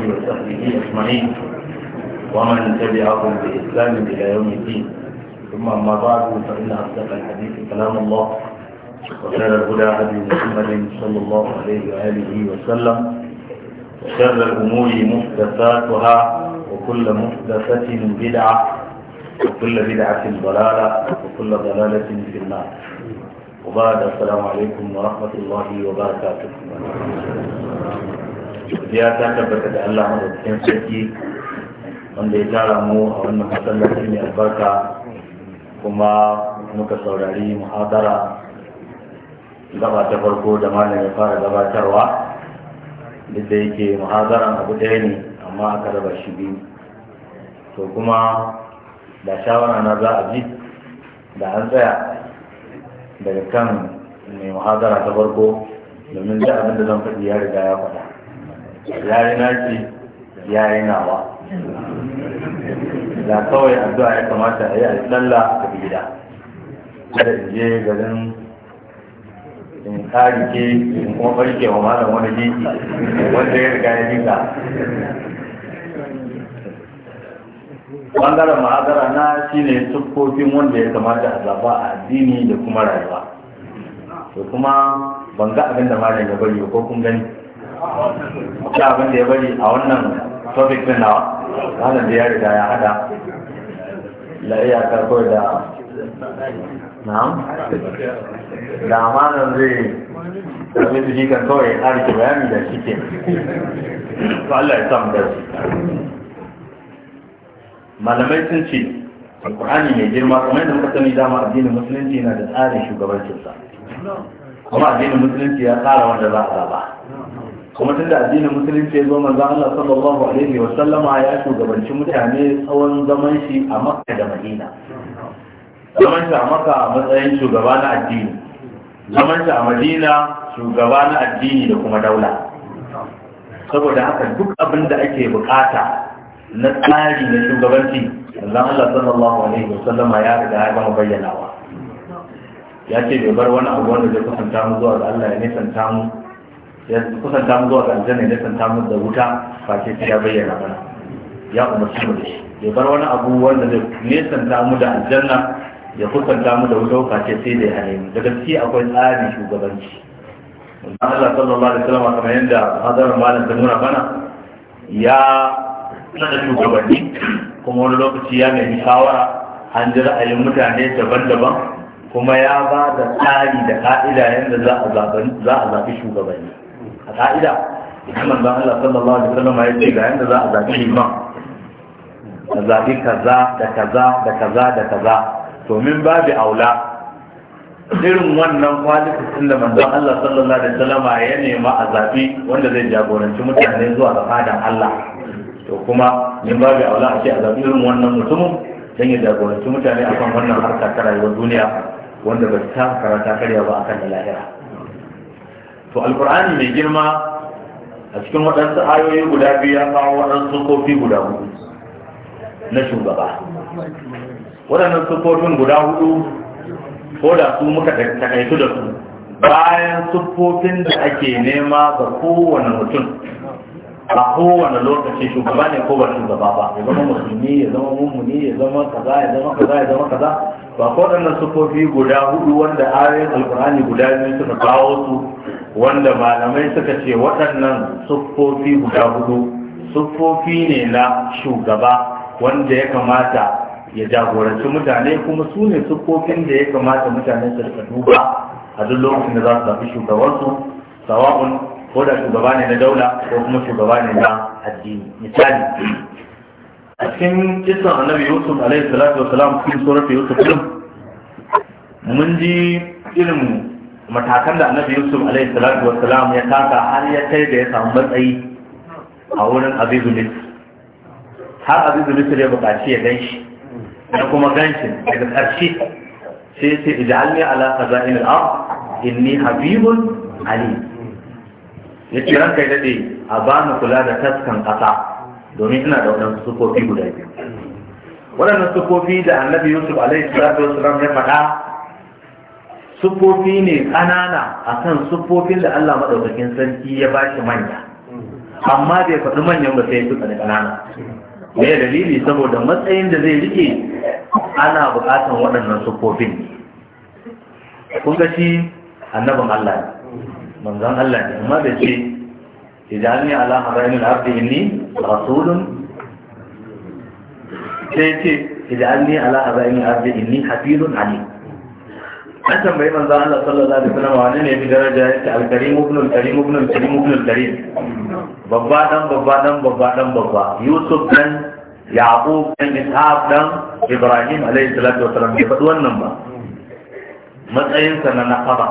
آله وصحبه أجمعين ومن تبعهم بإسلام إلى يوم الدين ثم أما بعد فإن أصدق الحديث كلام الله وخير الهدى هدي محمد صلى الله عليه وآله وسلم وشر الأمور محدثاتها وكل محدثة بدعة وكل بدعة ضلالة وكل ضلالة في النار وبعد السلام عليكم ورحمة الله وبركاته ya ta tabbata da Allah da cikin sarki wanda ya tara mu a wannan masallaci mai albarka kuma muka saurari muhadara gaba ta farko da malami ya fara gabatarwa duk da yake muhadaran abu ɗaya ne amma aka raba shi biyu to kuma da shawara na za a ji da an tsaya daga kan mai muhadara ta farko domin da abin da zan faɗi ya riga ya faɗa ya yi nawa da kawai addu'a ya kamata a yi a a gida kada in je garin in kari ke in kuma barke wa malam wani jiki wanda ya riga ya jika bangaren ma'azara na shine tuffofin wanda ya kamata a zaba a addini da kuma rayuwa Da kuma ban ga abin da malam ya bari ko kun gani shi abin da ya bari a wannan topic din nawa wannan da ya riga ya hada la iya karko da na'am da amana zai zai su shi kan kawai har ki bayani da shi ke Allah ya samu da shi malamai sun ce alkur'ani mai girma kuma da muka sani dama addinin musulunci yana da tsarin shugabancinsa kuma addinin musulunci ya tsara wanda za a raba kuma tunda addinin musulunci ya zo manzo Allah sallallahu alaihi wa sallama ya shugabanci mutane tsawon zaman shi a Makka da Madina zaman shi a Makka a matsayin shugaba na addini zaman shi a Madina shugaba na addini da kuma daula saboda haka duk abin da ake bukata na tsari na shugabanci manzo Allah sallallahu alaihi wa sallama ya riga ya gama bayyanawa ya ce bai bar wani abu wanda zai kusanta mu zuwa ga Allah ya nisanta mu ya kusan ta zuwa ga aljanna ya san ta da wuta ba ya bayyana mana ya umarci mu da shi ya bar wani abu wanda zai ta mu da aljanna ya ta mu da wuta ba sai da ya hane mu da gaske akwai tsarin shugabanci Allah sallallahu alaihi wasallam kamar yadda hadarin malam ta nuna mana ya shugabanni kuma wani lokaci ya nemi shawara an ji ra'ayin mutane daban-daban kuma ya ba da tsari da ka'ida yadda za a zaɓi shugabanni a ka'ida idan manzon Allah sallallahu alaihi wasallam ya ce ga yanda za a zaɓi liman a zaɓi kaza da kaza da kaza da kaza to min babu aula irin wannan kwalifikin da manzon Allah sallallahu alaihi wasallam ya nema a zaɓi wanda zai jagoranci mutane zuwa ga fadan Allah to kuma min babu aula a ce a zaɓi irin wannan mutumin don ya jagoranci mutane akan wannan harka ta rayuwar duniya wanda ba ta karanta karya ba akan lahira to alkur'ani mai girma a cikin waɗansu ayoyi guda biyu ya kawo waɗansu kofi guda hudu na shugaba waɗannan siffofin guda hudu ko da su muka takaitu da su bayan siffofin da ake nema ga kowane mutum a kowane lokaci shugaba ne ko ba shugaba ba ya zama musulmi ya zama mummuni ya zama kaza ya zama kaza ya zama kaza ba waɗannan sufofi guda hudu wanda ayoyin alkur'ani guda biyu suka kawo su wanda malamai suka ce waɗannan sufofi guda hudu sufofi ne na shugaba wanda ya kamata ya jagoranci mutane kuma su ne sufofin da ya kamata mutane su rika duba a duk lokacin da za su zafi shugabansu sawa'un ko da shugaba ne na daula ko kuma shugaba ne na addini misali a cikin kisan annabi yusuf alaihi salatu wasalam cikin surat yusuf din mun ji irin matakan da annabi yusuf alaihi salatu wassalam ya taka har ya kai da ya samu matsayi a wurin azizu misr har azizu misr ya buƙaci ya gan shi da kuma gan shi daga ƙarshe sai sai ijalmi ala khaza'in al-ard inni habibun ali ya ce ranka daɗe a bani kula da taskan ƙasa domin ina da waɗansu sukofi guda biyu waɗannan sukofi da annabi yusuf alaihi salatu wassalam ya faɗa sufofi ne ƙanana a kan sufofin da Allah maɗaukakin sarki ya ba shi manya amma bai faɗi manyan ba sai suka da ƙanana me dalili saboda matsayin da zai rike ana buƙatan waɗannan sufofin kun ga shi annabin Allah ne manzon Allah ne amma da ce idan ala haramin abdi inni rasulun sai ce idan ala haramin abdi inni hafizun alim an tambayi manzo Allah sallallahu alaihi wasallam wani ne bi daraja yake al-karim ibn al-karim ibn al-karim ibn al-karim babba dan babba dan babba dan babba yusuf dan yaqub dan ishaq dan ibrahim alaihi salatu wasallam da faɗi wannan ba matsayin sa na nasaba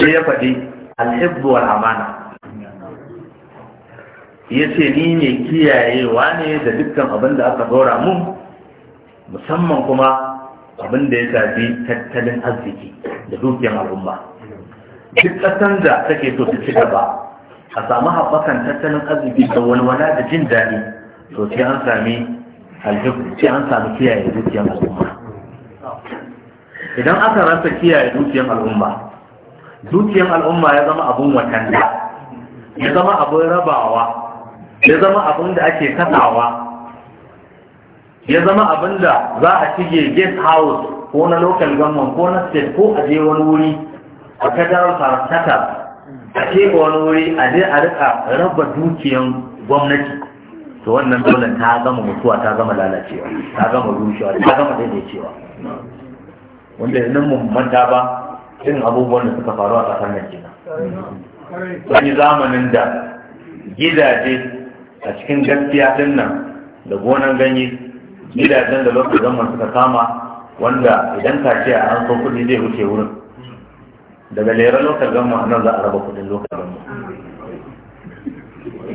sai ya faɗi al-hibb wal amana yace ni ne kiyayewa ne da dukkan abin da aka dora mun musamman kuma abin da ya shafi tattalin arziki da dukiyar al'umma duk ƙasar da take so ta ci gaba a samu haɓakan tattalin arziki da walwala da jin daɗi to sai an sami aljihu sai an sami kiyaye dukiyar al'umma idan aka rasa kiyaye dukiyar al'umma dukiyar al'umma ya zama abin watanda ya zama abin rabawa ya zama abin da ake kasawa ya zama abin da za a cige guest house ko na local government ko na state ko a je wani wuri a federal farantaka a keɓe wani wuri a je a rika raba dukiyan gwamnati to wannan dole ta gama mutuwa ta gama lalacewa ta gama rushewa ta gama daidaicewa wanda yanzu mun manta ba irin abubuwan da suka faru a ƙasar nan kenan wani zamanin da gidaje a cikin gaskiya din nan da gonan ganye gidajen da lokacin zaman suka kama wanda idan kaciya an so kudi zai wuce wurin daga lera lokacin a nan za a raba kuɗin lokacin zama.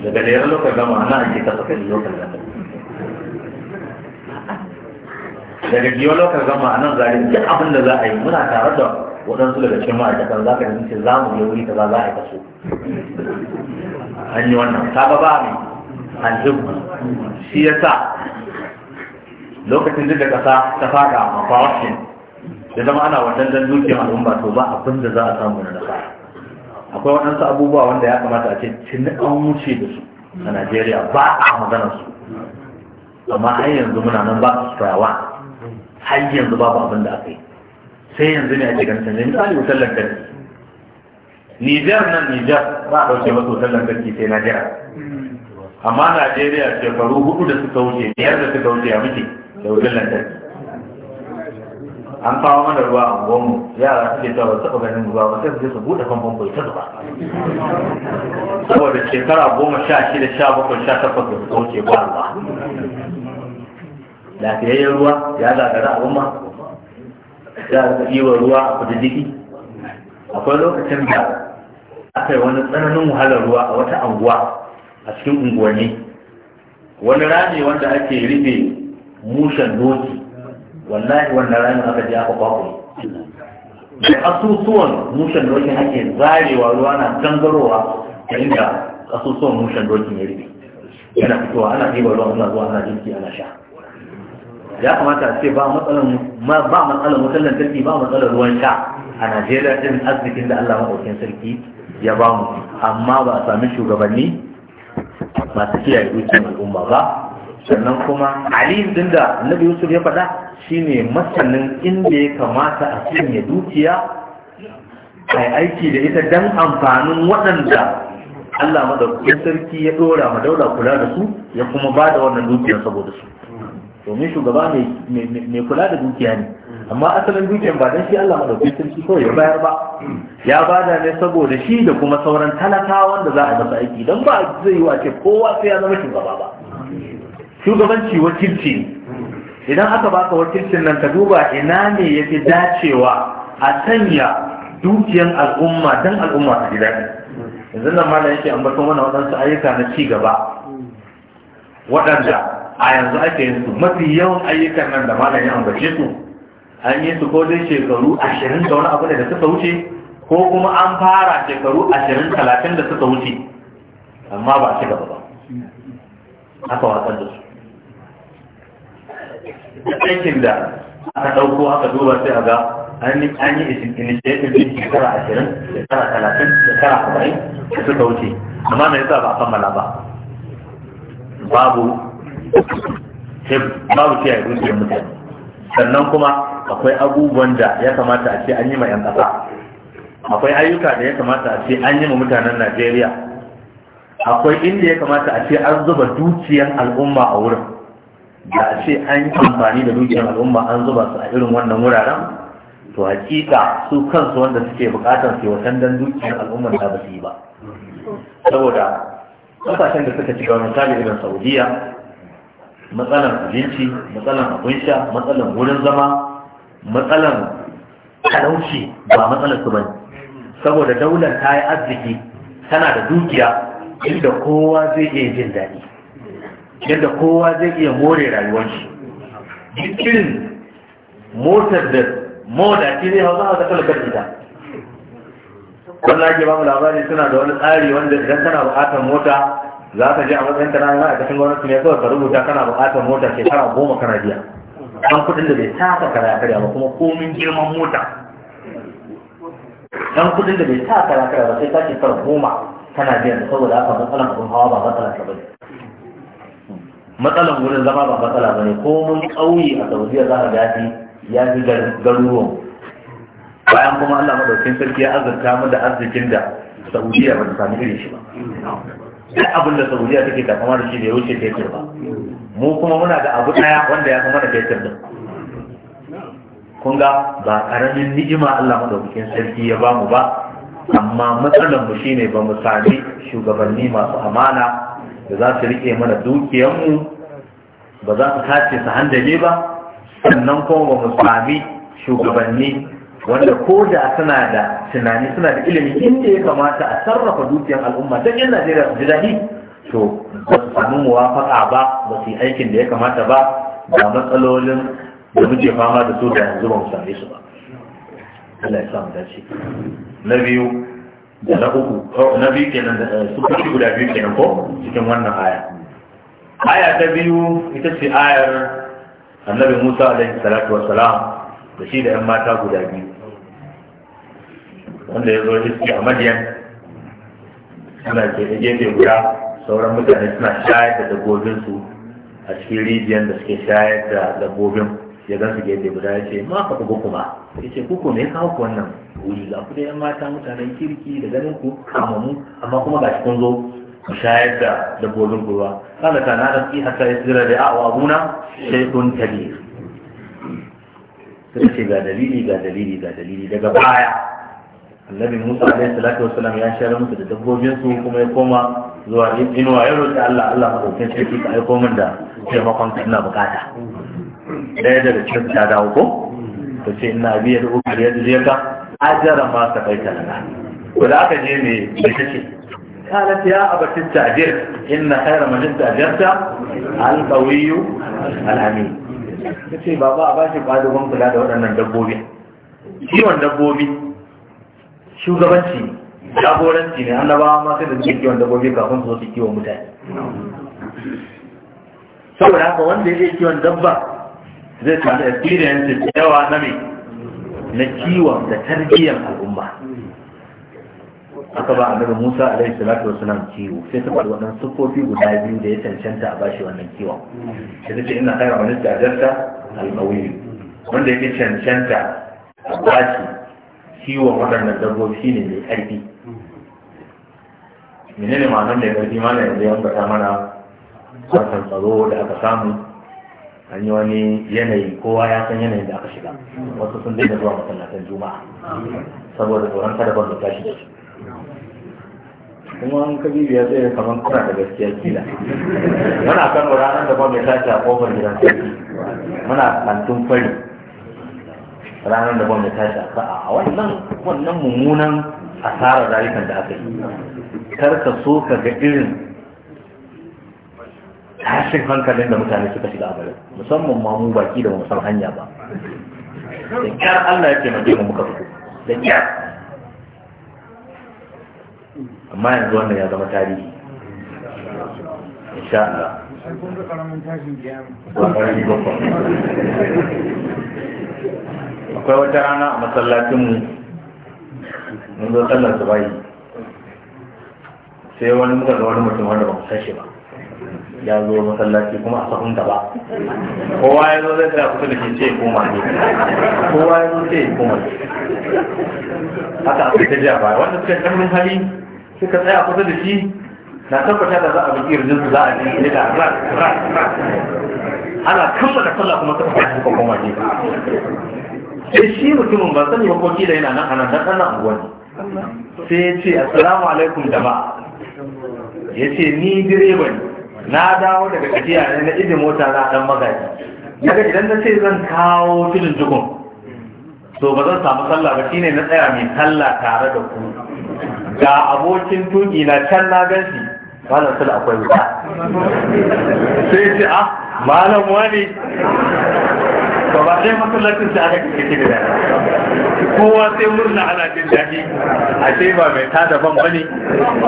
daga lera lokacin a nan ake tafa kudin lokacin zaman daga biyo lokacin a nan za a yi duk abin da za a yi muna tare da waɗansu daga cikin ma'aikatan za ka ce za mu yi wuri kaza za a yi kaso an yi wannan ta ba ba mai an hibu shi ya sa lokacin duk da ƙasa ta fada a corruption da zama ana wadannan dukiyar al'umma to ba abin da za a samu na nasa akwai waɗansu abubuwa wanda ya kamata a ce cin an wuce da su a najeriya ba a magana su amma har yanzu muna nan ba su fayawa. har yanzu babu abin da aka yi sai yanzu ne ake ganin canjin misali wutar lantarki nijar nan nijar ba a ɗauke masu wutar lantarki sai najeriya amma najeriya shekaru hudu da suka wuce biyar da suka wuce a muke da wutar lantarki an kawo mana ruwa a gwamnu yara suke cewa ba taɓa ganin ruwa ba sai su je su buɗe famfon bai ta zuba saboda shekara goma sha shida sha bakwai sha takwas da su kauce ba ruwa lafiyayyen ruwa ya zagara a goma ya ga iwa ruwa a diki akwai lokacin da aka yi wani tsananin wahalar ruwa a wata anguwa a cikin unguwanni wani rami wanda ake rufe mushen doki wallahi wannan ranar aka je aka kwakwai da asusuwan mushen doki ake zarewa ruwa na gangarowa ta inda asusuwan mushen doki ya rufe yana fitowa ana ɗiba ruwa ana zuwa ana jinki ana sha ya kamata a ce ba matsalar ba matsalan wutar lantarki ba matsalar ruwan sha a najeriya irin arzikin da allah maɗaukin sarki ya ba mu amma ba a sami shugabanni masu kiyaye dukiyar al'umma ba sannan kuma aliyu din da annabi yusuf ya faɗa shine masanin inda ya kamata a ya dukiya a aiki da ita dan amfanin waɗanda Allah madaukakin sarki ya dora ma daula kula da su ya kuma ba wannan dukiya saboda su domin shugaba mai kula da dukiya ne amma asalin dukiyar ba don shi Allah madaukakin sarki ko ya bayar ba ya bada da ne saboda shi da kuma sauran talakawa wanda za a masa aiki don ba zai yi wace kowa sai ya zama shugaba ba shugabanci wakilci idan aka baka wakilcin nan ka duba ina ne ya fi dacewa a sanya dukiyan al'umma don al'umma a gida yanzu nan ma da yake ambato mana waɗansu ayyuka na ci gaba waɗanda a yanzu ake yin su mafi yawan ayyukan nan da malamin ambace su an yi su ko dai shekaru ashirin da wani abu ne da suka wuce ko kuma an fara shekaru ashirin talatin da suka wuce amma ba a ci gaba ba aka watsar da su da aikin da aka ɗauko aka duba sai a ga an yi initiative din shekara ashirin shekara talatin shekara arba'in da suka wuce amma me yasa ba a kammala ba babu babu kiyaye da mutane sannan kuma akwai abubuwan da ya kamata a ce an yi ma 'yan ƙasa akwai ayyuka da ya kamata a ce an yi ma mutanen najeriya akwai inda ya kamata a ce an zuba dukiyar al'umma a wurin da a ce an yi amfani da dukiyar al'umma an zuba su a irin wannan wuraren to hakika su kansu wanda suke bukatar su wasan dan dukiyar al'umma da ba su yi ba saboda kasashen da suka ci gaban misali irin saudiya matsalan abinci matsalan abin sha matsalan wurin zama matsalan talauci ba matsalar su bane saboda daular ta yi arziki tana da dukiya inda kowa zai iya jin daɗi yadda kowa zai iya more rayuwar shi jikin motar da mawadaci zai hau za a zaka lakar ita wannan ake ba mu labari suna da wani tsari wanda idan kana buƙatar mota za ka je a matsayin na yana a cikin gwamnati ne kawai ka rubuta kana buƙatar mota shekara goma kana biya an kuɗin da bai taka kara karya ba kuma komin girman mota ɗan kuɗin da bai taka kara karya ba sai ka shekara goma kana biyan saboda haka matsalan abin hawa ba matsalan ka bane matsalan wurin zama ba matsala ba ne ko mun ƙauye a saudiya za a gafi ya fi garuruwan bayan kuma allah madaukin sarki ya azurta mu da arzikin da saudiya ba sami irin shi ba duk abin da saudiya take ka kama da shi wuce fetur ba mu kuma muna da abu ɗaya wanda ya kama da fetur din kun ga ba ƙaramin ni'ima allah madaukin sarki ya bamu ba amma matsalar mu shine ba mu sami shugabanni masu amana da za su riƙe mana dukiyanmu. ba za su sace su handale ba sannan kuma ba mu sami shugabanni wanda ko da suna da tunani suna da ilimi inda ya kamata a sarrafa dukiyar al'umma don yan najeriya su ji daɗi to ba su sami muwafaka ba ba su yi aikin da ya kamata ba ga matsalolin da muke fama da su da yanzu ba mu same su ba Allah ya sa mu dace na biyu da na uku na biyu kenan da eh, su guda biyu kenan ko cikin wannan aya aya ta biyu ita ce ayar annabi musa alaihi salatu wassalam da shi da yan mata guda biyu wanda ya zo hiski a madiyan suna ke da gefe guda sauran mutane suna shayar da dabbobinsu a cikin rijiyar da suke shayar da dabbobin ya gan su gefe guda ya ce ma ka kuku kuma ya ce kuku ne kawo ku wannan wuri za ku da yan mata mutanen kirki da ganin ku kamamu amma kuma ga shi kun zo shayar da dabbobin ruwa kana ta na rafi hatta ya tsira da awa abuna sai kun tabi sai ce ga dalili ga dalili ga dalili daga baya annabi Musa alaihi salatu wassalam ya shayar musu da dabbobin su kuma ya koma zuwa inuwa ya roƙi Allah Allah ɗauke shi ka aiko min da taimakon ka ina bukata ɗaya daga cikin ta dawo ko ta ce ina biya da uku ya yadda ka ajara ma ta kai talaka ko da aka je me me قالت يا أبت التعجر إن خير من استأجرت القوي الأمين ce baba a bashi ƙwadugon kula da waɗannan dabbobi kiwon dabbobi shugabanci jagoranci ne annabawa ma sai da suke kiwon dabbobi kafin su su kiwon mutane saboda haka wanda ya je kiwon dabba zai samu experiences yawa na mai na kiwon da tarbiyyar al'umma aka ba annabi Musa alaihi salatu wassalam kiwo sai ta faɗi wannan sukofi guda biyu da ya cancanta a bashi wannan kiwon sai ta ce ina kaira wani al alƙawiyu wanda yake cancanta a bashi kiwon waɗannan dabbobi shine mai ƙarfi menene ma'anar da ƙarfi ma na yanzu ya ta mana wannan tsaro da aka samu an yi wani yanayi kowa ya san yanayin da aka shiga wasu sun daina zuwa masallatan juma'a saboda tsoron kada ban da tashi da shi kuma an ka bibiya zai ga kamar kuna da gaskiya kila muna kan ranar da ba mai tashi a kofar gidan sarki muna kantun fari ranar da ba mai tashi a sa'a wannan wannan mummunan asarar rayukan da aka yi kar ka so ka ga irin tashin hankalin da mutane suka shiga a bari musamman ma mu baki da mu san hanya ba da kyar Allah ya taimake mu muka fito da kyar amma yanzu wannan ya zama tarihi insha Allah akwai wata rana a masallacinmu mun zo sallar su bayi sai wani muka ga wani mutum wanda ba mu san shi ba ya zo masallaci kuma a sahun gaba kowa ya zo zai tsaya kusa da shi ce koma ne kowa ya zo ce koma ne haka aka ta jiya ba wanda suka yi karfin hali suka tsaya kusa da shi na tabbata da za a bugi rijin su za a ji da ana kamba da ana kammala sallah kuma ta fara kuma kuma ji sai shi mutumin ba sani ba koki da yana nan anan da nan a gwani. sai ya ce assalamu alaikum jama'a ya ce ni direba ne na dawo daga tafiya ne na idin mota na dan magaji daga idan na ce zan kawo filin jikon to ba zan samu sallah ba shine na tsaya mai sallah tare da ku ga abokin tuki na can na ganshi malam sun akwai wuta sai ce ah malam wani ba ba sai masallacin sai aka kike da kowa sai murna ana jin daɗi a sai ba mai tada ban bane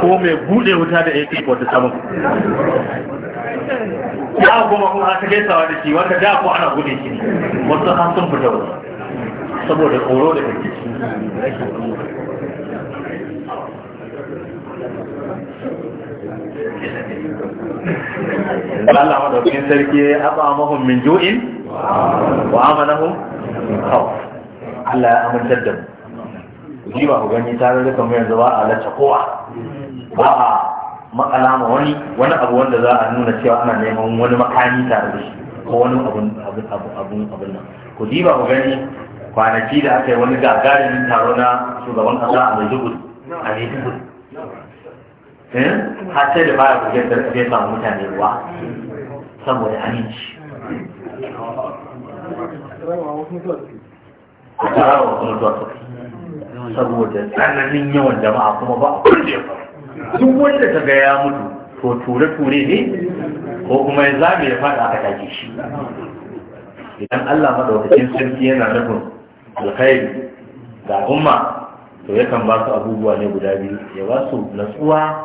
ko mai bude wuta da yake ta samu ya goma kuma aka gaisawa da shi wanda da ko ana gode shi wasu har sun fita wasu saboda tsoro da kake da Allah madaukakin sarki ya haɓa mahun min ju'in wa amanahum khawf Allah ya amintar da mu ji ba ku gani tare da kamar yanzu ba a lacce kowa ba a makala ma wani wani abu wanda za a nuna cewa ana neman wani makami tare da shi ko wani abun abun abun nan ku ji ba ku gani kwanaki da aka yi wani gagarumin taro na shugaban kasa a Maiduguri a Maiduguri Eh? har sai da fara kujerar zai samu mutane ruwa saboda aminci saboda tsananin yawan jama'a kuma ba a kurje duk wanda ta gaya mutu to ture-ture ne ko kuma ya zame ya fada aka take shi idan Allah madaukakin sarki yana nufin alkhairi ga umma to yakan ba su abubuwa ne guda biyu ya ba su natsuwa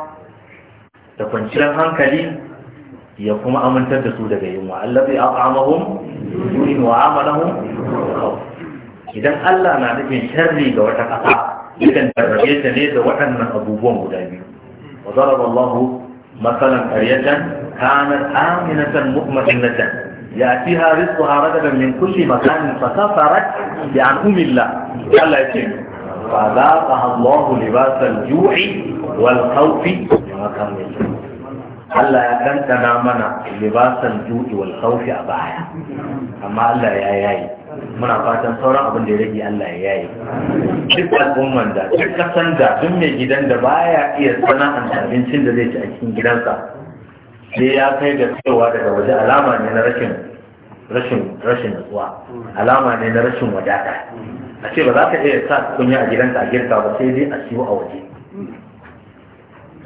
da kwanciyar hankali ya kuma amintar da su daga yunwa Allah zai aqamahum yurin wa amalahum idan Allah na nufin sharri ga wata ƙasa yakan tarrabe ta ne da waɗannan abubuwan guda biyu wa zaraba Allah masalan qaryatan kanat aminatan mutma'innatan ya'tiha rizquha ragadan min kulli makanin fa kafarat bi an'umillah Allah ya ce فذاقها الله لباس الجوع والخوف بما Allah ya ɗanɗana mana libasan juɗi wal khawfi a baya amma Allah ya yayi muna fatan sauran abin da ya rage Allah ya yayi duk al'umman da duk kasan da duk mai gidan da baya iya sana'anta abincin da zai ci a cikin gidansa sai ya kai da cewa daga waje alama ne na rashin rashin rashin nutsuwa alama ne na rashin wadata a ce ba za ka iya sa kunya a gidanka a girka ba sai dai a siyo a waje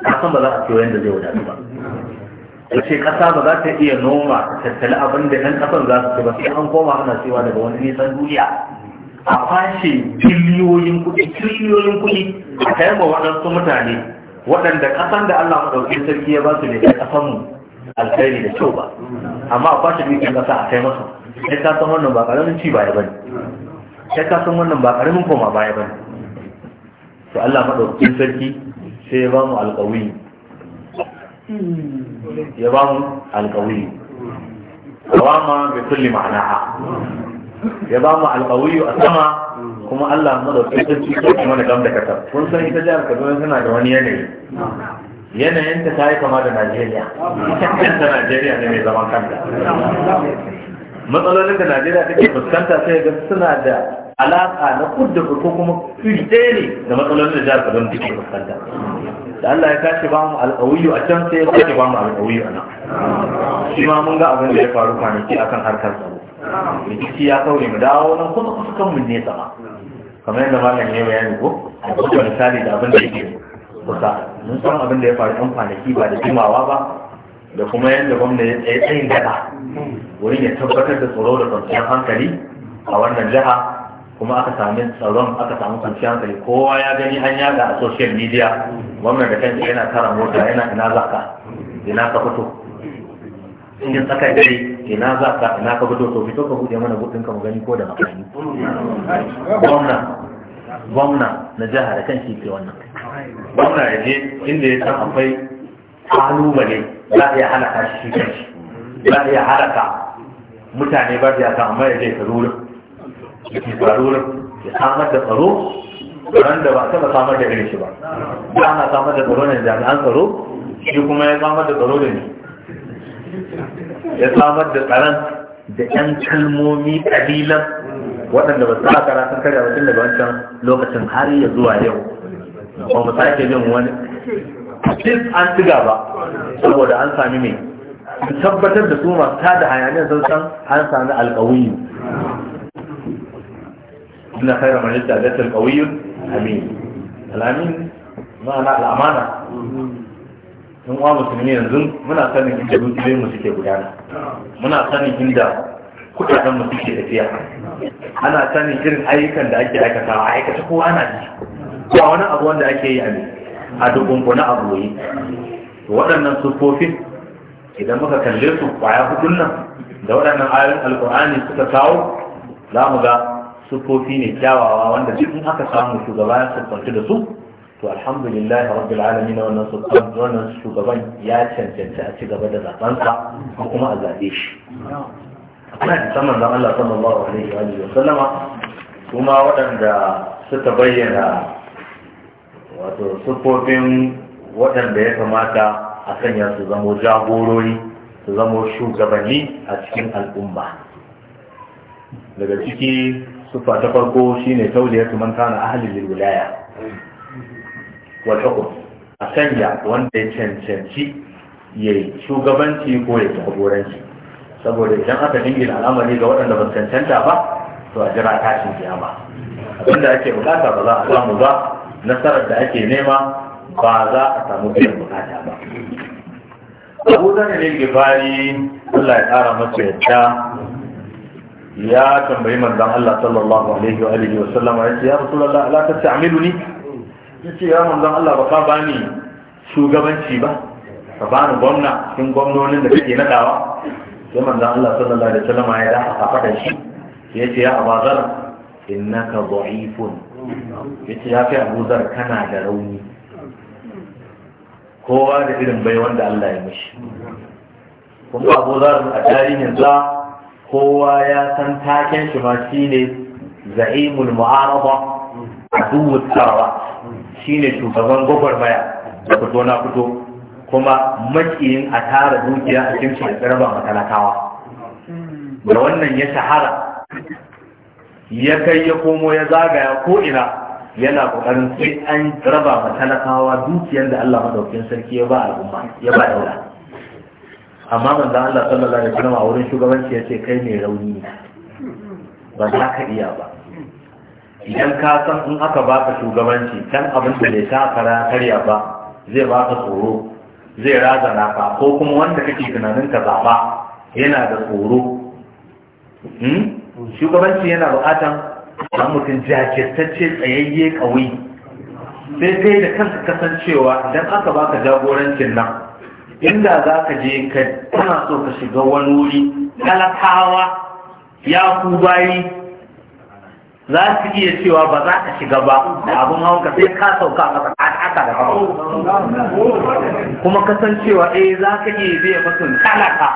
a san ba za a siyo yadda zai wadatu ba a ce kasa ba za ta iya noma tattali abin da ɗan ƙasar za su ci ba sai an koma ana siyowa daga wani nisan duniya a kwashe biliyoyin kuɗi triliyoyin kuɗi a kai ma waɗansu mutane waɗanda ƙasan da Allah maɗauki sarki ya ba su kasar ƙasanmu alkhairi da kyau ba amma a kwashe dukkan ƙasa a kai masa sai ka san wannan ba ƙaramin ci baya bane sai ka san wannan ba karamin koma baya ba to Allah cikin sarki sai ya ba mu alƙawuyi. ya ba mu alƙawi kawama bi kulli ma'anaha ya ba mu alƙawuyi a sama kuma Allah madaukakin sarki ya ce mana gamda kasar kun san ita jihar Kaduna tana da wani yanayi yanayin ta yi kama da Najeriya ta Najeriya ne mai zaman kanta matsalolin da Najeriya take fuskanta sai ga suna da alaƙa na kudda ko kuma ɗaya ne da matsalolin da jihar Kaduna take fuskanta da Allah ya kashe ba mu alƙawiyu a can sai ya kashe ba mu alƙawiyu a nan shi ma mun ga abin da ya faru kwanaki akan harkar tsaro rikici ya kaure mu dawo nan kuma kusa kan mu ne sama kamar yadda malam ya yi ko a cikin misali da abin da yake kusa mun san abin da ya faru ɗan kwanaki ba da jimawa ba da kuma yadda gwamna ya tsaye tsayin daɗa wurin ya tabbatar da tsoro da kwanciyar hankali a wannan jiha kuma aka sami tsaron aka samu kwanciyar hankali kowa ya gani an yada a social media wannan da kanta yana tara mota yana ina za ka ina ka fito in yi tsaka dare ina za ka ina ka fito to fito ka buɗe mana buɗin ka mu gani ko da makani gwamna gwamna na jiha da kan shi ke wannan gwamna ya je inda ya san akwai kalubale za a iya halaka shi kan shi za a iya halaka mutane ba ya a mai ya je ka rurin da ke faruwar da samar da tsaro ran da ba a taɓa samar da irin shi ba da ana samar da tsaro ne jami'an tsaro shi kuma ya samar da tsaro da ne ya samar da tsaron da 'yan kalmomi kalilan waɗanda ba su sa karatun karya ba daga wancan lokacin har ya zuwa yau ba mu sake jin wani cikin an ci ba saboda an sami mai tabbatar da su masu tada hayaniyar sun san an sami alƙawuyi إن خير من التعدات القوي أمين الأمين معنى الأمانة sun wa musulmi yanzu muna sanin inda dukiyar mu suke gudana muna sanin inda kudaden mu suke tafiya ana sanin irin ayyukan da ake aikatawa a aikata ko ana ji ba wani abu wanda ake yi a ne a dukkan na abu yi waɗannan sufofin idan muka kalle su kwaya hudun nan da waɗannan ayoyin alkur'ani suka kawo za mu ga sufofi ne kyawawa wanda duk in aka samu shugaba ya siffanci da su to alhamdulillah rabbil alamin wannan sultan wannan shugaban ya cancanci a ci gaba da zabansa ko kuma a zabe shi akwai musamman dan Allah sallallahu alaihi wa alihi sallama kuma waɗanda suka bayyana wato sufofin waɗanda ya kamata a sanya su zamo jagorori su zamo shugabanni a cikin al'umma daga ciki sufa ta farko shine tauliyatu man kana ahli lil wilaya wal hukm a sanya wanda ya cancanci ya shugabanci ko ya jagoranci saboda idan aka dingina al'amari ga waɗanda ba cancanta ba to a jira tashin kiyama abinda ake bukata ba za a samu ba nasarar da ake nema ba za a samu biyan bukata ba abu zan ne gifari Allah ya ƙara masa yadda ya tambayi manzan Allah sallallahu alaihi wa alihi wa sallama ya ce ya rasulullah la tasta'miluni ni ya ce ya manzan Allah ba ka bani shugabanci ba ka bani gwamna cikin gwamnonin da kake nadawa sai manzan Allah sallallahu alaihi wa sallama ya dafa a kafadan shi ya ce ya abazar innaka dha'ifun yace ya fi abuzar kana da rauni kowa da irin bai wanda Allah ya mishi kuma abuzar a tarihin za kowa ya san taken shi ma ne za'imul mu'arada aduwwut Shi ne shugaban gwagwarmaya da fito na fito kuma makiyin a tara dukiya a cikin shi da tsaraba matalakawa da wannan ya shahara ya kai ya komo ya zagaya ko ina yana ƙoƙarin sai an raba matalakawa dukiyar da Allah maɗaukin sarki ya ba al'umma ya ba daula amma manzo Allah sallallahu alaihi wasallam a wurin shugabanci ce kai mai rauni ba za ka iya ba idan ka san in aka baka shugabanci kan abin da bai ta karya ba zai baka tsoro zai razana ka ko kuma wanda kake tunanin ka zaba yana da tsoro hmm? shugabanci yana buƙatan dan mutum jajirtacce tsayayye kawai sai kai da kanka kasancewa idan aka baka jagorancin nan inda za ka je ka tana so ka shiga wani wuri talakawa ya ku bayi za su iya cewa ba za ka shiga ba da abin hawan ka sai ka sauka a ƙasa a da hawa kuma kasancewa eh za ka iya biya mutum talaka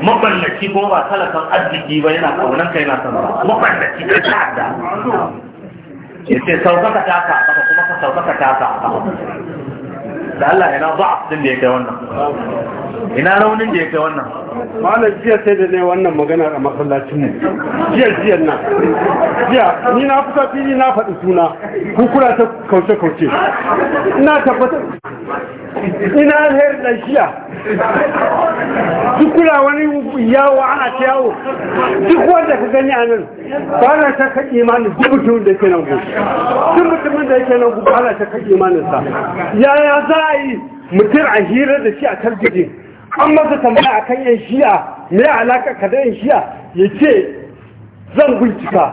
maballaci kuma ba talakan arziki ba yana kaunan ka yana sanarwa maballaci da ta'adda ya ce ka taka a ƙasa kuma ka saukaka taka a ƙasa da Allah yana ba'a din da ya kai wannan ina raunin da ya kai wannan malam jiya sai da ne wannan magana a masallacin mu jiya jiya na jiya ni na fita fili na faɗi suna kukura ta kauce kauce ina tabbatar ina alheri dan shiya duk kula wani yawo ana ta yawo duk wanda ka gani a nan ba na ta ka imanin duk mutumin da yake nan gudu duk mutumin da yake nan gudu ba na ta ka imaninsa yaya za a yi mutum a hira da shi a talbijin an masa tambaya a kan yan shi'a mai alaka ka da yan shi'a ya ce zan bincika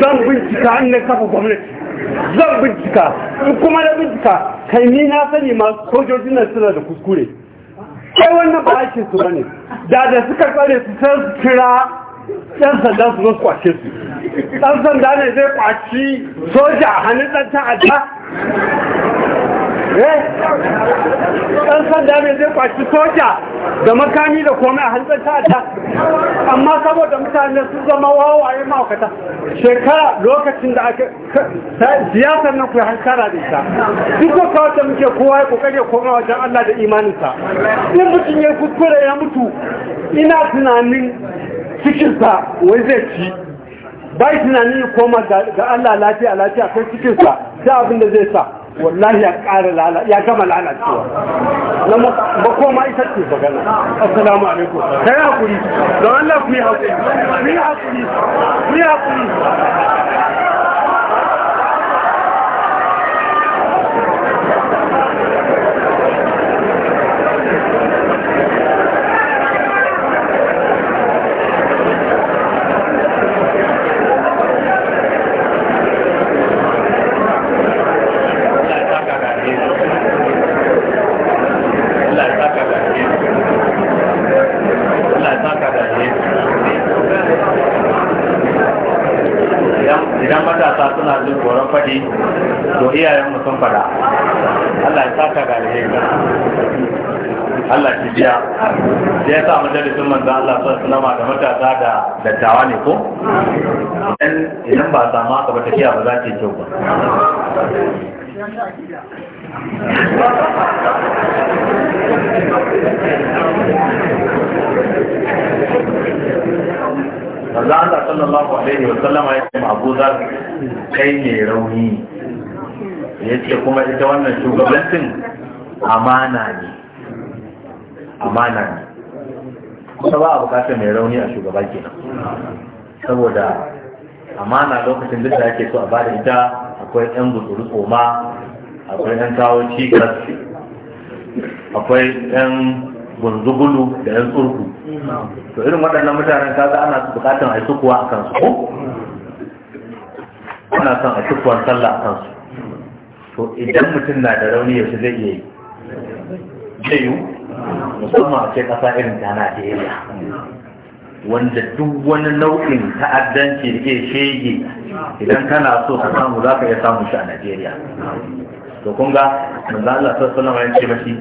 zan bincika an na kafa gwamnati zan bincika in kuma na bincika kai ni na sani masu sojojin nan suna da kuskure kai wannan ba ake su bane da da suka tsare su san kira yan sanda su zo kwace su dan sanda ne zai kwaci soja a hannun dan ta'adda Eh? ɗan sanda ne zai kwashi soja da makami da komai a hantsar ta amma saboda mutane sun zama wawaye ma'aukata shekara lokacin da aka siyasar nan ku hankara da ita duk da kawata muke kowa ya kokare koma wajen Allah da imaninsa in mutum ya kuskure ya mutu ina tunanin cikinsa wai zai ci bai tunanin koma ga Allah lafiya lafiya kai cikinsa sai abin da zai sa والله يا قار العلا يا جمال على الصور لما بكون ما يسكت بغنا السلام عليكم يا قولي لو الله في حقي في حقي في حقي Allah sallallahu da matasa da dattawa ne ko idan ba samu haka ba tafiya ba za ce kyau ba Allah Allah sallallahu alaihi wa sallama ya ce Abu Zar kai ne rauni yace kuma ita wannan shugabancin amana ne amana ne kusa ba a bukatar mai rauni a shugaba kenan saboda amana lokacin duk da ake so a bada ita akwai yan gutsuru koma akwai yan kawo cikas akwai yan gunzugulu da yan tsurku to irin waɗannan mutanen kaga ana bukatar a yi sukuwa a kansu ko ana son a sukuwar sallah a kansu to idan mutum na da rauni yaushe zai iya yi zai musamman a ce ƙasa irin ta Najeriya wanda duk wani nau'in ta'addanci da ke shege idan kana so ka samu za ka iya samun shi a Najeriya to kun ga manzo Allah sallallahu alaihi wasallam ya ce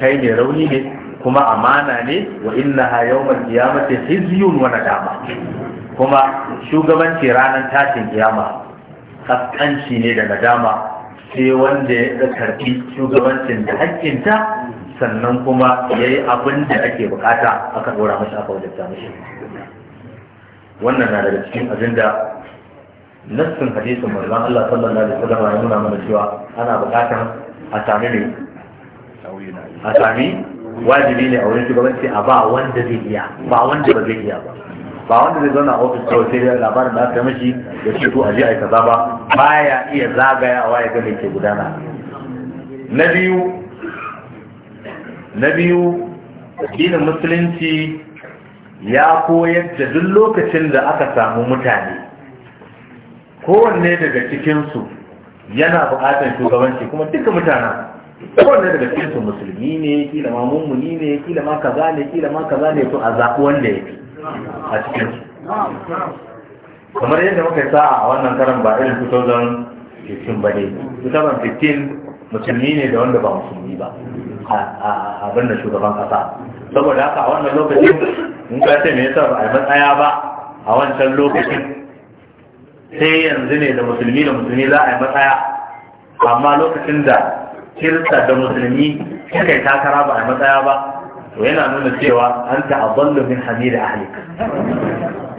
kai ne rauni ne kuma amana ne wa innaha yawmal qiyamati hizyun wa nadama kuma shugabanci ranar tashin kiyama kaskanci ne da nadama sai wanda ya karbi shugabancin da hakkinta sannan kuma ya yi abin da ake bukata aka ɗora mashi aka wajabta mashi wannan na daga cikin abin da nassin hadisin manzon Allah sallallahu alaihi wasallam ya nuna mana cewa ana bukatan a sami ne a sami wajibi ne a wurin shugabanci a ba wanda zai iya ba wanda ba zai iya ba ba wanda zai zauna a ofis kawai sai da labarin da aka mashi da shi to a je a yi kaza ba baya iya zagaya a ga me ke gudana na biyu na biyu addinin musulunci ya koyar da duk lokacin da aka samu mutane kowanne daga cikinsu yana buƙatar shugabanci kuma duka mutane kowanne daga cikinsu musulmi ne kila ma mummuni ne kila ma kaza ne kila ma kaza ne to a zaɓi wanda ya a cikinsu kamar yadda muka sa sa'a a wannan karan ba irin 2015 ba ne 2015 musulmi ne da wanda ba musulmi ba a abin da shugaban kasa saboda haka a wannan lokacin in ka ce me yasa ba a yi matsaya ba a wancan lokacin sai yanzu ne da musulmi da musulmi za a yi matsaya amma lokacin da kirista da musulmi suka yi takara ba a yi matsaya ba to yana nuna cewa an ta'aballu min a ahlik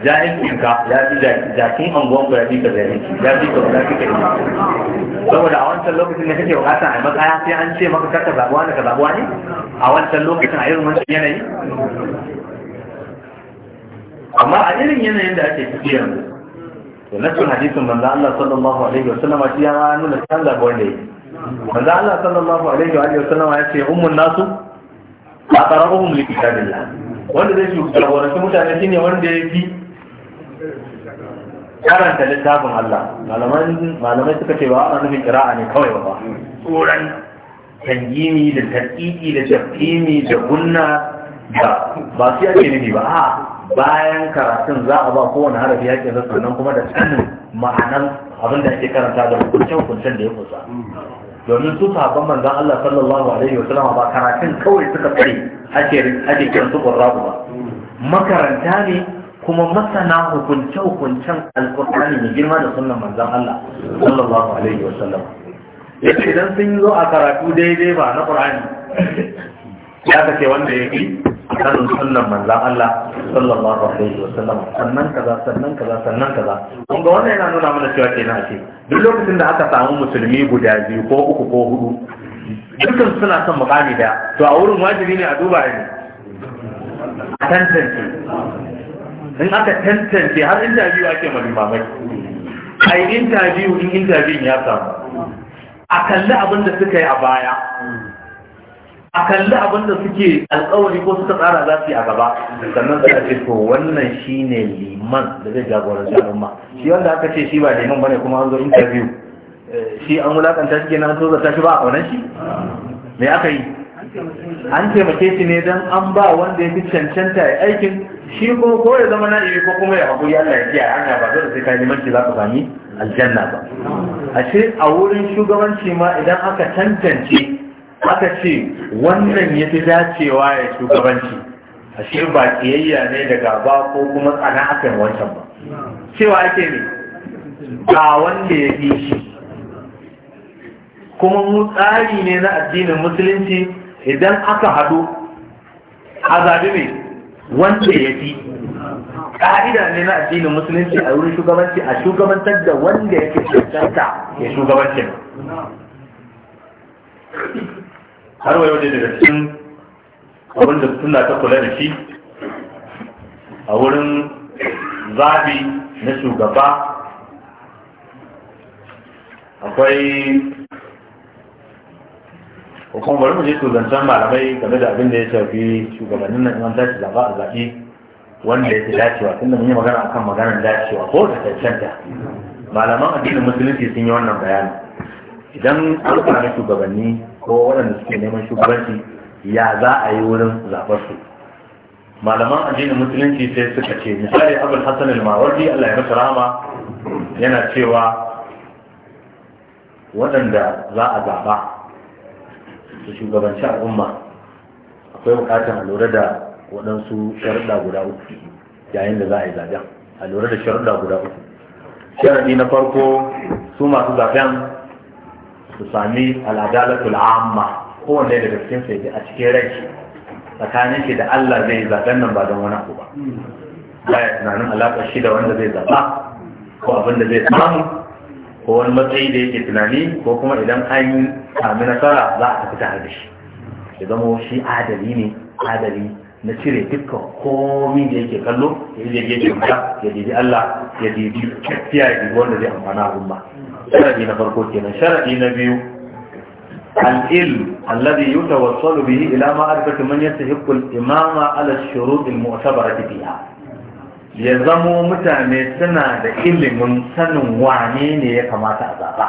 jahilcinka ya fi jakin anguwan ku ya fi ka jahilci ya fi ka ya fi ka saboda a wancan lokacin da kake bukata a matsaya sai an ce maka kaka zabuwa ne ka zabuwa ne a wancan lokacin a irin wancan yanayi amma a irin yanayin da ake fi yanzu da nasun hadisin banza Allah sallallahu alaihi wasallam shi ya nuna kan zabuwa wanda yi, banza Allah sallallahu alaihi wasallam ya ce ummun nasu a aqrabuhum likita kitabillah wanda zai shi mutane shine wanda ya fi karanta littafin Allah malamai suka ce ba ana nufin kira'a ne kawai ba tsoron tanjimi da tarƙiƙi da tafimi da gunna ba. ba su yake nufi ba a bayan karatun za a ba kowane harafi yakin zasu nan kuma da sanin ma'anan abin da ake karanta da hukuncen da ya kusa domin su sabon manzan Allah sallallahu alaihi wa sallama ba karatun kawai suka tsare ake kiran su ƙurra ba makaranta ne kuma masana hukunce-hukuncen alkur'ani mai girma da sunan manzan Allah sallallahu alaihi wa sallam ce idan sun zo a karatu daidai ba na qur'ani ya kace wanda ya yi sanin sunan manzan Allah sallallahu alaihi wa sallam sannan kaza sannan kaza sannan kaza kun ga wannan yana nuna mana cewa kenan ce. duk lokacin da aka samu musulmi guda biyu ko uku ko hudu dukkan suna son mukami daya to a wurin wajibi ne a duba ne a tantance in aka tantance har interview ake ma limamai a yi interview in interview ya samu a kalli abin da suka yi a baya a kalli abin da suke alkawari ko suka tsara za su yi a gaba sannan suka ce to wannan shi ne liman da zai jagoranci al'umma shi wanda aka ce shi ba liman bane kuma an zo interview eh, shi an wulakanta shi kenan to zata shi ba a kaunar shi me aka yi an taimake shi ne don an ba wanda ya fi cancanta ya aikin shi ko ko ya zama na'ibi ko kuma ya haƙuri Allah ya kiyaye hanya ba dole sai ka yi limanci za ka sami aljanna ba ashe a wurin shugabanci ma idan aka tantance aka ce wannan ya fi dacewa ya shugabanci ashe ba kiyayya ne daga ba ko kuma tsana yi wancan ba cewa ake ne ga wanda ya fi shi kuma mu tsari ne na addinin musulunci idan aka haɗu a zaɓi ne wanda ya fi ƙa'ida ne na addinin musulunci a wurin shugabanci a shugabantar da wanda yake cancanta ya shugabancin har wa yau daga cikin abin da suna ta kula da shi a wurin zaɓi na shugaba akwai ko kuma bari mu je tuzantar malamai game da abin da ya shafi shugabannin nan an tashi zaba a zaɓi wanda ya fi dacewa tunda mun yi magana akan maganar dacewa ko da cancanta malaman addinin musulunci sun yi wannan bayani idan an kula shugabanni ko waɗanda suke neman shugabanci ya za a yi wurin zaɓar su malaman addinin musulunci sai suka ce misali abul hassan al-mawardi Allah ya masa rahama yana cewa waɗanda za a zaɓa su shugabanci al'umma akwai bukatar a lura da waɗansu sharuɗa guda uku yayin da za a yi zaben a lura da sharuɗa guda uku sharaɗi na farko su masu zaben su sami al'adalatul amma kowanne daga cikin sai a cikin rai tsakanin shi da Allah zai zaben nan ba don wani abu ba baya tunanin alaƙar shi da wanda zai zaɓa ko abin da zai samu ko wani matsayi da yake tunani ko kuma idan an yi sami nasara za a tafi tare da shi ya zama shi adali ne adali na cire dukkan komi da yake kallo ya yi yake kyauta ya dibi Allah ya dibi kyakkiya ya dibi wanda zai amfana a ba sharadi na farko kenan sharadi na biyu العلم الذي يتوصل به إلى معرفة من يستحق الإمامة على الشروط المعتبرة فيها ya zamo mutane suna da ilimin sanin wane ne ya kamata a zaɓa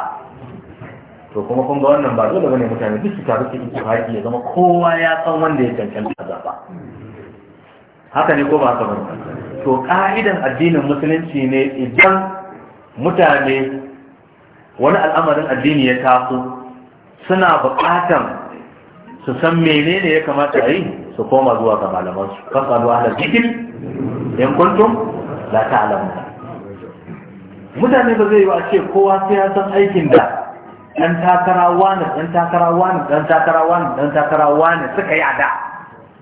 to kuma kun ga wannan ba dole bane mutane duk su taru cikin yi haƙi ya zama kowa ya san wanda ya cancanta a zaɓa haka ne ko ba haka bane to ka'idan addinin musulunci ne idan mutane wani al'amarin addini ya taso suna buƙatan su san menene ya kamata a yi su koma zuwa ga malamansu fasalu ahla zikir in kuntum la ta'lamun mutane ba zai yi ce kowa sai ya san aikin da dan takara wani dan takara wani dan takara wani dan takara wani suka yi a da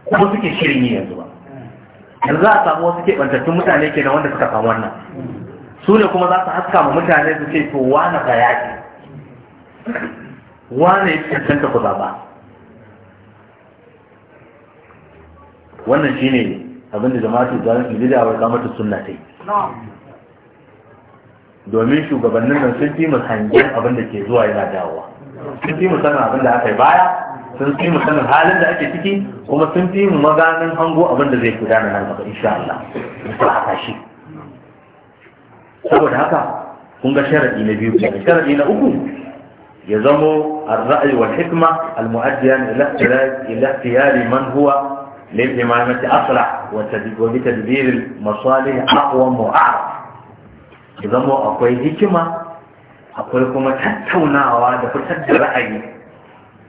kuma suke shirin yi yanzu ba yanzu za a samu wasu keɓantattun mutane ke da wanda suka samu wannan su ne kuma za su haska ma mutane su ce to wani ba yaƙi wani ya cancanta ku zaɓa wannan shine abin da jama'atu zalunci bid'a wa kamata sunna ta yi domin shugabannin nan sun fi hangen abin da ke zuwa yana dawowa sun fi sanin abin da aka yi baya sun fi sanin halin da ake ciki kuma sun fi maganin hango abin da zai gudana nan gaba insha Allah ba haka shi saboda haka kun ga sharadi na biyu kenan sharadi na uku ya zamo ar-ra'yi wal hikma al-mu'addiyan ila ikhtiyari man huwa للإمامة أسرع وبتدبير المصالح أقوى وأعرف إذا مو أقوي هكما أقول لكم تتونا وهذا فتد رأيي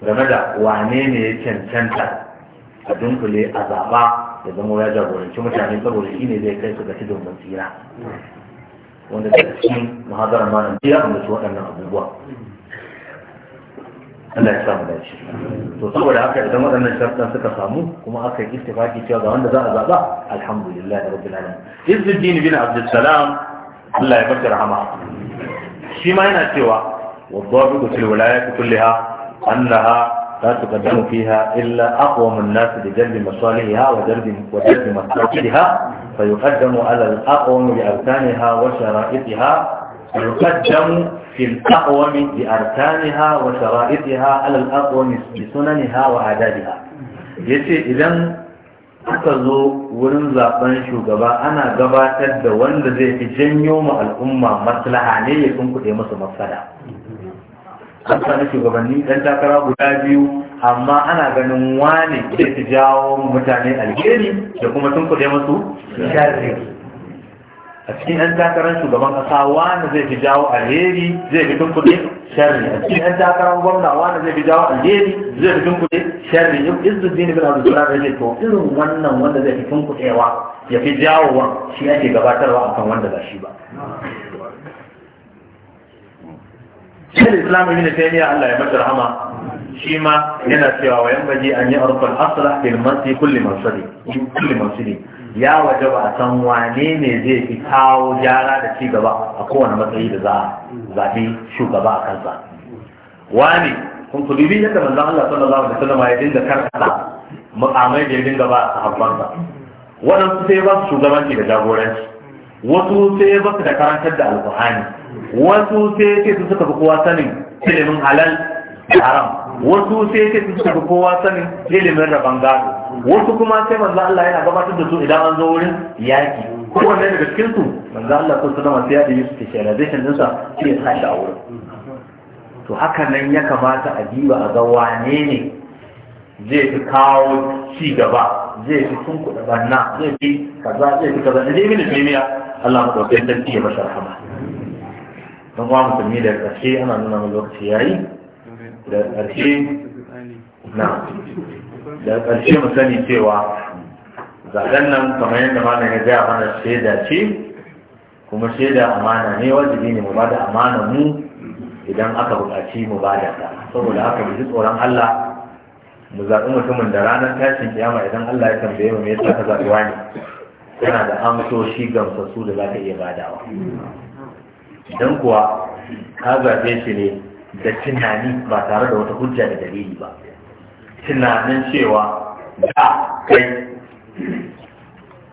game wane ne ya cancanta a dunkule a zaɓa da zama ya jagoranci mutane saboda shi ne zai kai su ga tudun mun tsira wanda da cikin mahadarar malam biya da su waɗannan abubuwa Allah ya samu dace to saboda haka idan waɗannan sharɗan suka samu kuma aka yi istifaki cewa ga wanda za a zaɓa alhamdulillah da rabbil alamin izzuddin bin abdussalam Allah ya barka rahama shi ma yana cewa والضابط في الولايات كلها أنها لا تقدم فيها إلا أقوم الناس لجلب مصالحها وجلب وجلب مصالحها فيقدم على الأقوم بأركانها وشرائطها يقدم في الأقوم alal وشرائطها على الأقوم بسننها وعاداتها yace idan aka zo wurin zaɓen shugaba ana gabatar da wanda zai fi janyo ma al'umma maslaha ne ya tunkuɗe musu mafsada an sami shugabanni ɗan takara guda biyu amma ana ganin wane zai fi jawo mutane alheri da kuma tunkuɗe musu sharri a cikin ɗan takarar shugaban ƙasa wani zai fi jawo alheri zai fi tunkuɗe sharri a cikin ɗan takarar gwamna wani zai fi jawo alheri zai fi tunkuɗe sharri yau izuddin ibn abdul salam zai to irin wannan wanda zai fi tunkuɗewa ya fi jawo wa shi ake gabatarwa akan wanda ba shi ba shi islam ibn taymiya Allah ya mace rahama shi ma yana cewa wa yan baji an yi arfan asala, fil masjid kulli masjid kulli ya waje ba a san wane ne zai fi kawo gyara da ci gaba a kowane matsayi da za a zaɓi shugaba a kansa wani kun ku dubi yadda manzon Allah sallallahu alaihi wasallam ya dinga karkata mukamai da ya dinga ba a sahabbansa waɗansu sai ba su shugabanci da jagoranci wasu sai ba su da karantar da alƙur'ani wasu sai ce su suka fi kowa sanin ilimin halal da haram wasu sai ce su suka fi kowa sanin ilimin rabon gado wasu kuma sai manzo Allah yana gabatar da su idan an zo wurin yaki kowanne daga cikin su manzo Allah ko zama sai ya yi su specialization din sa shi ya tashi a wurin to haka nan ya kamata a diba a ga wane ne zai fi kawo ci gaba zai fi tunkuɗa banna zai fi kaza zai fi kaza da dai mini miya? Allah mu ɗauke dan ya masa rahama don kuma musulmi da ƙarshe ana nuna mu lokaci yayi da ƙarshe na da ƙarshe mu sani cewa zaɓen nan kamar yadda mana ya gaya mana shaida ce kuma shaida amana ne wajibi ne mu bada amana mu idan aka buƙaci mu bada ta saboda haka mu ji tsoron Allah mu zaɓi mutumin da ranar tashin kiyama idan Allah ya tambaye mu me yasa ka zaɓi wani yana da amsoshi gamsassu da zaka iya badawa idan kuwa ka zaɓe shi ne da tunani ba tare da wata hujja da dalili ba tunanin cewa da kai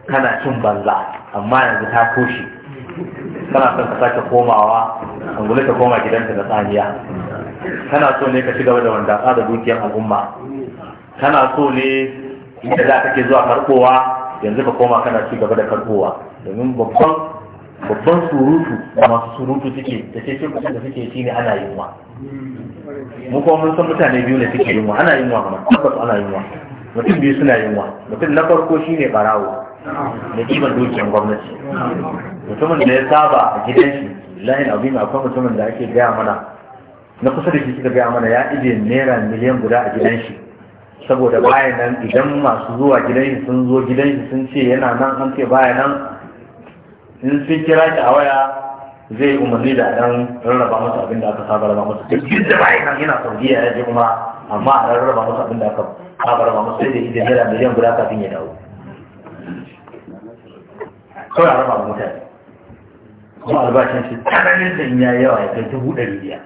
kana cin banza amma yanzu ta toshe kana son ka sake komawa gudu ka koma gidanta da tsaniya kana so ne ka ci gaba da wanda da dukiyar al'umma kana so ne inda za ka ke zuwa karbowa yanzu ka koma kana ci gaba da karbowa domin babban babban surutu da masu surutu suke da sai ce kusa da suke shi ne ana yunwa mu kuma mun san mutane biyu da suke yunwa ana yunwa kuma tabbas ana yunwa mutum biyu suna yunwa mutum na farko shi ne barawo da ɗiban dukiyar gwamnati mutumin da ya saba a gidan shi na abin akwai mutumin da ake gaya mana na kusa da shi suka gaya mana ya ije naira miliyan guda a gidan shi saboda baya nan idan masu zuwa gidan shi sun zo gidan shi sun ce yana nan an ce baya nan in sun kira ki a waya zai umarni da dan rarraba musu abin da aka saba raba musu duk da bai nan yana saudiya ya je kuma amma a rarraba musu abin da aka sabar ba musu sai da idan yana miliyan guda kafin ya dawo kawai a raba mutane kuma albashin shi tsananin da in yawa ya kai dubu ɗari biyar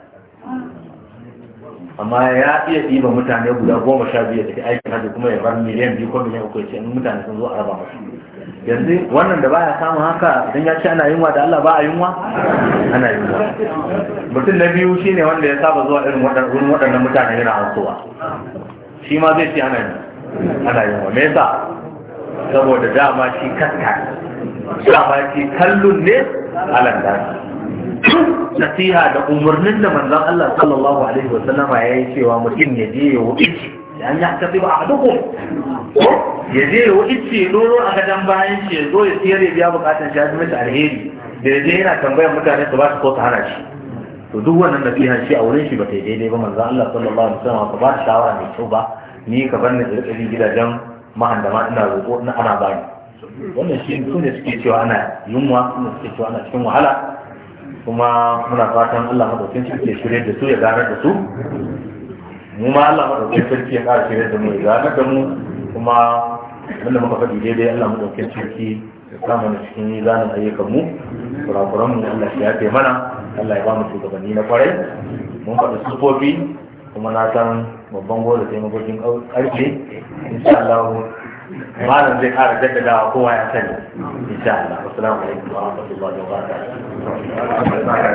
amma ya iya ɗiba mutane guda goma sha biyar da aikin hajji kuma ya bar miliyan biyu ko miliyan uku ya ce in mutane sun zo a raba musu yanzu wannan da baya samun haka idan ya ce ana yunwa da Allah ba a yunwa ana yunwa mutum na biyu shine wanda ya saba zuwa irin waɗannan mutane yana hankowa shi ma zai ce ana yunwa me yasa saboda dama shi kanta dama shi kallon ne alan nasiha da umarnin da manzan Allah sallallahu alaihi wasallama ya yi cewa mutum ya je ya wuce an ya tafi ba a ya je ya wuce ce loro a gadon bayan shi zo ya siyar ya biya bukatan shi ya ta alheri da ya je yana tambayar mutane su ba su ko su hana shi to duk wannan nasiha shi a wurin shi ba ta yi daidai ba manzo Allah sallallahu alaihi wasallam ka ba shawara mai kyau ba ni ka bar ni da ɗari gidajen mahandama ina roƙo na ana bani wannan shi ne sune suke cewa ana yunwa su suke cewa ana cikin wahala kuma muna fatan Allah madaukakin shi ke shirye da su ya ganar da su mu ma Allah dauke sarki ya kara shirye da mu ya gane da mu kuma wanda muka faɗi daidai Allah dauke sarki ya kama na cikin zanen ayyukan mu kurakuran mu Allah ya yafe mana Allah ya ba mu shugabanni na kwarai mun faɗi sufofi kuma na san babban gole sai mabokin ƙarfe insha Allah malam zai kara jaddadawa kowa ya sani insha Allah assalamu alaikum wa rahmatullahi wa barakatuh